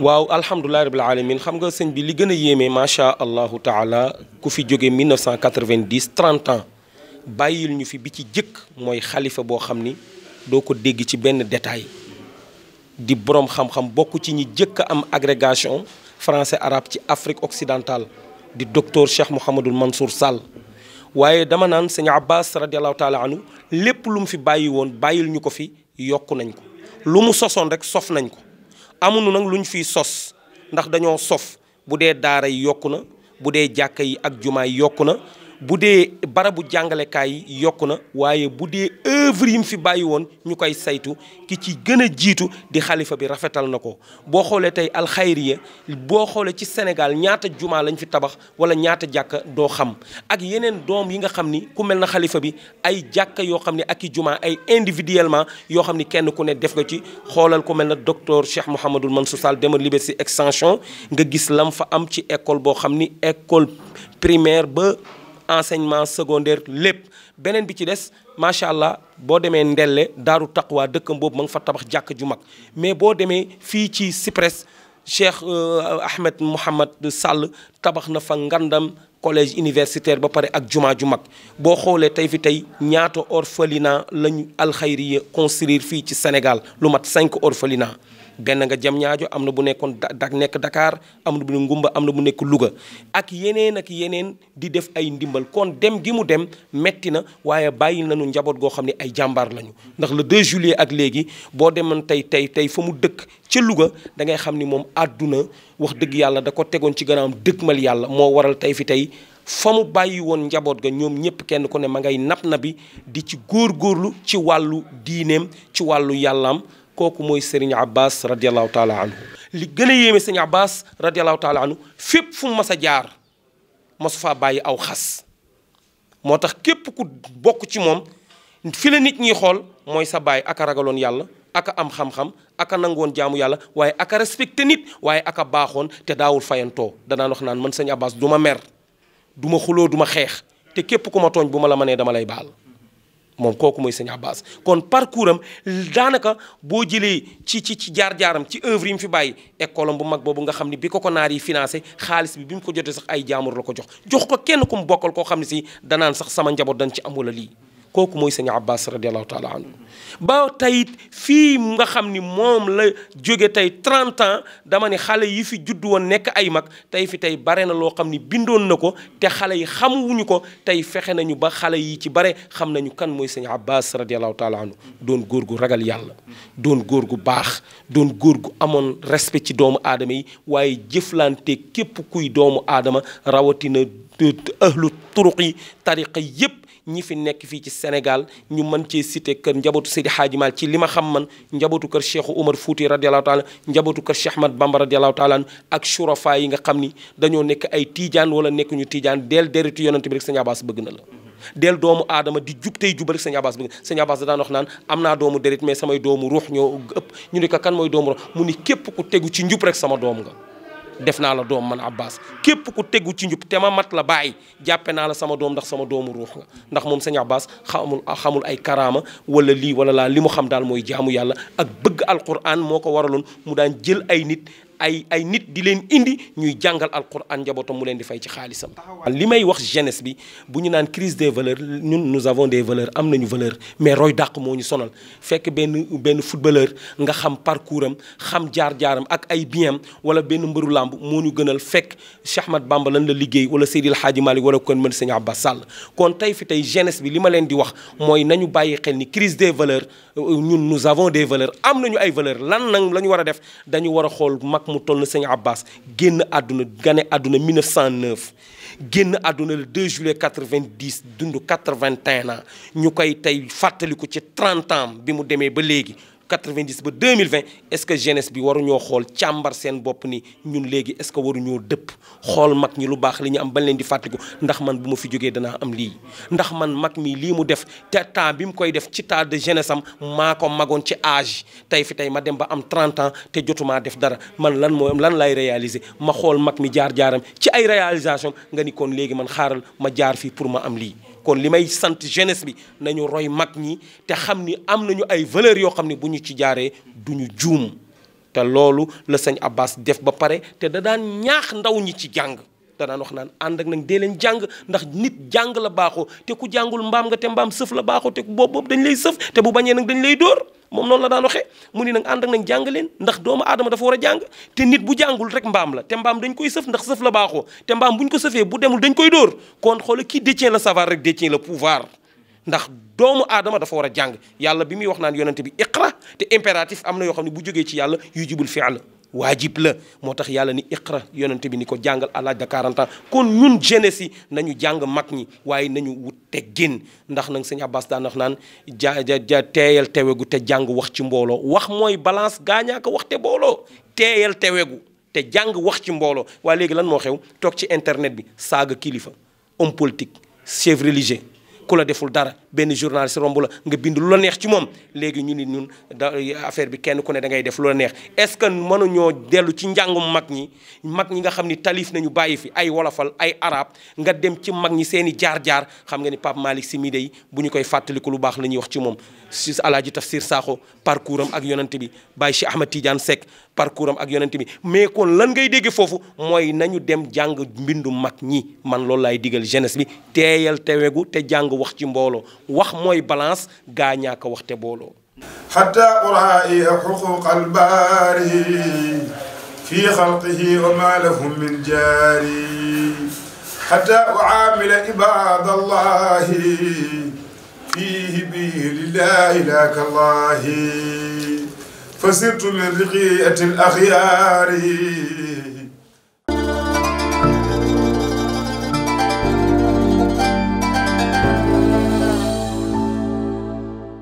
waaw alhamdulilah rabil alamin xam nga sëñ bi li gën a yéeme macha allahu taala ku fi jóge 1990 30 ans bàyyil ñu fi bi ci jëkk mooy xalifa boo xam ni doo ko dégg ci benn détay di borom xam-xam bokk ci ñi jëkk am agrégation français arab ci Afrique occidentale di docteur Cheikh Mouhamadul Mansour Sall waaye dama naan sëñ Abbas radiallahu taala anhu lépp lu mu fi bàyyi woon bàyyil ñu ko fi yokk nañ ko lu mu sosoon rek sof nañ ko amuñu nag lu ñu fi sos ndax dañoo sof bu dee daara yi yokk na bu dee jàkka yi ak jumaa yi yokk na bu dee barabu jàngalekaay yokk na waaye bu dee œuvre yi mu fi bàyyi woon ñu koy saytu ki ci gën a jiitu di xalifa bi rafetal na ko boo xoolee tey alxayriya boo xoolee ci Sénégal ñaata jumaa lañ fi tabax wala ñaata jàkka doo xam ak yeneen doom yi nga xam ni ku mel na xalifa bi ay jàkka yoo xam ne ak i jumaa ay individuellement yoo xam ni kenn ku ne def nga ci xoolal ko mel na docteur Cheikh Mouhamadul Mansour Sall demal Liberté Extension nga gis lam fa am ci école boo xam ni école primaire ba enseignement secondaire lépp beneen bi ci des macha allah boo demee Ndelle daaru taqwa dëkkam boobu ma nga fa tabax jàkk ju mag mais boo demee fii ci Cyprès Cheikh euh, Ahmed Mouhamad sàll tabax na fa ngandam collège universitaire ba pare ak jumaa ju mag boo xoolee tey fi tey ñaata orphelinat lañu alxayriya construire fii ci Sénégal lu mat cinq orphelinat benn nga jam ñaajo am na bu nekkoon da nekk dakaar am na bu nekk Ngumba am na bu nekk Louga ak yeneen ak yeneen di def ay ndimbal kon dem gi mu dem metti na waaye bàyyi nañu njaboot goo xam ne ay jàmbaar lañu ndax le 2 juillet ak léegi boo demoon tey tey tey fa mu dëkk ca Louga da ngay xam ni moom àdduna wax dëgg yàlla da ko tegoon ci dëkk mal yàlla moo waral tey fi tey fa mu bàyyi woon njaboot ga ñoom ñëpp kenn ku ne ma ngay nap na bi di ci góorgóorlu ci wàllu diineem ci wàllu yàllaam kooku mooy Serigne Abbas radiallahu taala anhu li gën a yéeme Serigne Abbas radiallahu taala anhu fépp fu mu mas a jaar masu faa bàyyi aw xas moo tax képp ku bokk ci moom fi la nit ñiy xool mooy sa baay aka ragaloon yàlla aka am xam-xam aka nangoon jaamu yàlla waaye aka respecté nit waaye aka baaxoon te daawul fayantoo danaa wax naan man Serigne Abbas du ma mer du ma xuloo duma xeex te képp ku ma tooñ bu ma la mënee dama lay baal moom kooku mooy sëñ Abbas kon parcours am daanaka boo jëlee ci ci ci jaar-jaaram ci œuvre yi mu fi bàyyi école am bu mag boobu nga xam ni bi ko ko naar yi financé xaalis bi bi mu ko jotee sax ay jaamur la ko jox jox ko kenn ku mu bokkal koo xam ne si danaan sax sama njaboot dañ ci amula wala lii kooku mooy sëñ Abbas radiallahu taala anhu ba tey fii nga xam ni moom la jóge tey 30 ans dama ne xale yi fi judd woon nekk ay mag tey fi tey bare na loo xam ni bindoon na ko te xale yi xamuwuñu ko tey fexe nañu ba xale yi ci bare xam nañu kan mooy sëñ Abbas radiallahu taala doon góor gu ragal yàlla doon góor gu baax doon góor gu amoon respect ci doomu aadama yi waaye jëflante képp kuy doomu aadama rawatina ahlu turuq yi tariqa yépp ñi fi nekk fii ci Sénégal ñu mën ci site kër njabootu Seydi Hadji Mal ci li ma xam man njabootu kër Cheikhu Omar Fouti radiallahu taala njabootu kër Cheikh Ahmad Bamba radiallahu taala ak shurafa yi nga xam ni dañoo nekk ay tiijaan wala nekk ñu tiijaan deel deritu yonent bi rek bëgg na la del doomu aadama di jub tey jub rek sëñ Abbas bëgg sëñ Abbas wax naan am naa doomu deret mais samay doomu ruux ñoo ëpp ñu ne ko kan mooy doomu ruux mu ni képp ku tegu ci njub rek sama doom nga def naa la doom man Abbas képp ku tegu ci njub te ma mat la bàyyi jàppe naa la sama doom ndax sama doomu ruux nga ndax moom sëñ Abbas xamul xamul ay karaama wala lii wala laa li mu xam daal mooy jaamu yàlla ak bëgg alquran moo ko waraloon mu daan jël ay nit ay ay nit di leen indi ñuy jàngal alquran njabootam mu leen di fay ci xaalisam. li may wax jeunesse bi bu ñu naan crise des valeur ñun nous avons des am nañu valeur mais roy dàq moo ñu sonal fekk benn benn footballeur nga xam parcours am xam jaar-jaaram ak ay biens wala benn mbëru làmb moo ñu gënal fekk Cheikh Bamba lan la liggéey wala Seydil Hadji Malick wala kon mën Sëñ Abbas Sall kon tey fi tey jeunesse bi li ma leen di wax mooy nañu bàyyi xel ni crise des valeurs euh, ñun nous avons des valeurs am nañu ay valeurs lan nag la ñu war a def dañu war xool mag mu toll na sëñ Abbas génn àdduna gane àdduna 1909 génn àdduna le 2 juillet 90 dund 81 ans ñu koy tey fàttaliku ci 30 ans bi mu demee ba léegi 90 ba 2020 est-ce que jeunesse bi waruñoo xool càmbar seen bopp ni ñun léegi est-ce que waruñoo dëpp xool mag ñi lu baax li ñu am bañ leen di fàttaliku ndax man bu ma fi jógee danaa am lii ndax man mag mi lii mu def te temps bi mu koy def ci temps de jeunesse am maa ko magoon ci âge tey fi tey ma dem ba am 30 ans te jotumaa def dara man lan moo lan lay réaliser ma xool mag mi jaar-jaaram ci ay réalisation nga ni kon léegi man xaaral ma jaar fii pour ma am lii kon li may sant jeunesse bi nañu roy mag ñi te xam ni am nañu ay valeurs yoo xam ne bu ñu ci jaaree du ñu juum te loolu la sëñ Abbas def ba pare te da daan ñaax ndaw ñi ci jàng da daan wax naan ànd ak nag dee leen jàng ndax nit jàng la baaxoo te ku jàngul mbaam nga te mbaam sëf la baaxoo te boobu boobu dañ lay sëf te bu bañee nag dañ lay dóor moom noonu la daan waxee mu ni nag ànd ak nañ jàng leen ndax doomu aadama dafa war a jàng te nit bu jàngul rek mbaam la te mbaam dañ koy sëf ndax sëf la baaxoo te mbaam bu ñu ko sëfee bu demul dañ koy dóor kon xoola kii détient la sabar rek détient la pouvoir ndax doomu aadama dafa war a jàng yàlla bi muy wax naan yonente bi iqra te impératif am na yoo xam ne bu jógee ci yàlla yu jubul fi la waajib la moo tax yàlla ni iqra yonente bi ni ko jàngal à l'âge de 40 kon ñun jeunesse yi nañu jàng mag ñi waaye nañu wut teggin ndax nag sëñ Abbas daan wax naan ja teeyal tewegu te jàng wax ci mbooloo wax mooy balance gaañaa wax te booloo teeyal tewegu te jàng wax ci mbooloo waaye léegi lan moo xew toog ci internet bi saaga kilifa homme politique chef religieux ku la deful dara benn journaliste romb la nga bind lu la neex ci moom léegi ñu ni ñun da affaire bi kenn ku ne dangay def lu la neex est-ce que mënuñoo dellu ci njàngum mag ñi mag ñi nga xam ni talif nañu bàyyi fi ay wolofal ay arab nga dem ci mag ñi seen jaar-jaar xam nga ni Pape Malick bu ñu koy fàttaliku lu baax la ñuy wax ci moom si alaaji Tafsir Sakho parcours am ak yonante bi Baye Cheikh Ahmed Tidiane Seck parcours am ak yonante bi mais kon lan ngay foofu mooy nañu dem jàng mbindu mag ñi man loolu laay digal jeunesse bi teeyal tewegu te jàng wax ci mbooloo wax mooy balance gaa ñaaka waxte booloo xatta quraa'i xuquuq albaari fi xalqihi wa ma lahum min jaari xatta ucaamila ibaad allahi fiihi bihi lillahi laakallahi fasirtu min riqiati alaxyaari